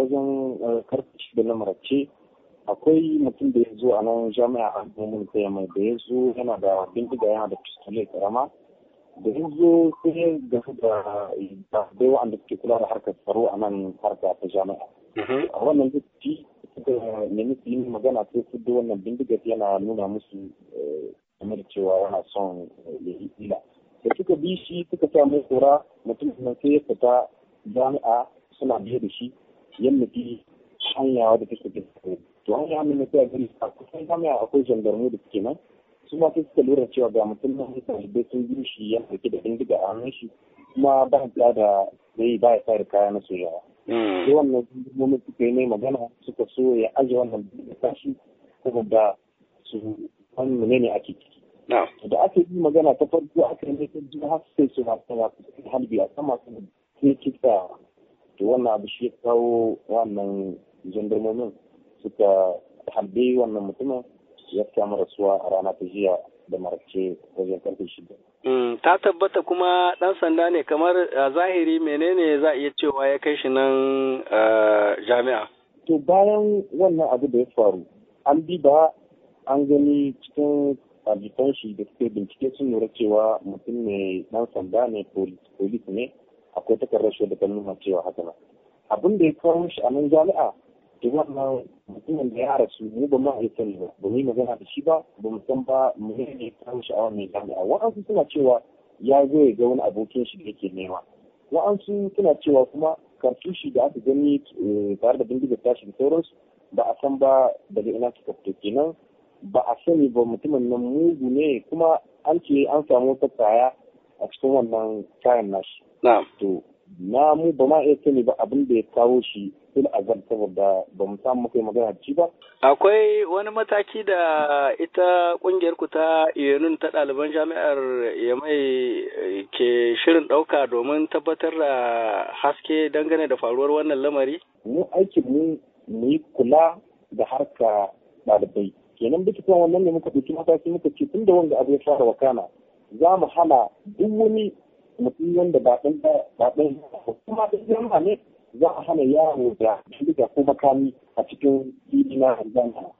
wajen eh, shi da na marace akwai mutum da ya zo a nan jami'a a domin mai da ya zo yana da bindiga yana da pistole karama da ya zo sai ya gasu da dai wa'anda suke kula da harkar tsaro a nan harka ta jami'a mm-hmm. a wannan lokaci suka nemi su yi magana sai su da wannan bindiga yana nuna musu eh, game da cewa yana son eh, ya yi ila da suka bi shi suka sa mai kura mutum sai ya fita jami'a suna biye da shi yamma bi hanyawa da take da to an yi ne sai gari a kusan hanya akwai jandarmu da suke nan su ma sai suka lura cewa ga mutum nan sun da sun yi shi ya dauke da bindiga a hannun shi kuma ba ya da zai ba ya sa kaya na sojawa hmm. sai wannan mun suka yi mai magana suka so ya aje wannan bindiga tashi saboda su wani menene ake ciki da aka yi magana ta farko aka yi mai ta har sai su masu halbi a sama su ne kitsawa to wannan abu shi ya kawo wannan jandarmomin suka harbe wannan mutumin ya kama rasuwa a rana ta jiya da marace wajen karfe shida. Mm, ta tabbata kuma ɗan sanda ne kamar a zahiri menene za iya cewa ya kai shi nan jami'a. To bayan wannan abu da ya faru, an bi ba an gani cikin abitan shi da suke bincike sun lura cewa mutum ne ɗan sanda ne polis ne shi da nuna cewa haka ba abin da ya kawo shi a nan jami'a da wannan mutumin da ya rasu mu ba ma aikin ba ba mu yi magana da shi ba ba mu san ba mu yi ne kawo shi a wannan jami'a wa'ansu suna cewa ya zo ya ga wani abokin shi da yake nema wa'ansu suna cewa kuma kartushi da aka gani eh, tare da bindigar tashi da sauransu ba a san ba daga ina suka fito kenan ba a sani ba mutumin nan mugu ne kuma an ce an samu wata kaya a cikin wannan kayan nashi. To na mu ba ma iya sani ba abin da ya kawo shi fil azal saboda ba mu samu kai magana ci ba. Akwai wani mataki da ita kungiyar ku ta Yunun ta ɗaliban jami'ar Yamai eh, ke shirin ɗauka domin tabbatar da haske dangane da faruwar wannan lamari? Mu aikin mu mu yi kula da harka ɗalibai. Kenan duk kan wannan ne muka ɗauki mataki muka ce tun da wanda abu ya fara wakana za mu hana duk wani mutum wanda ba ɗan ba ɗan kuma ɗan jama'a ne za a hana yaro da bindiga ko makami a cikin fili na zama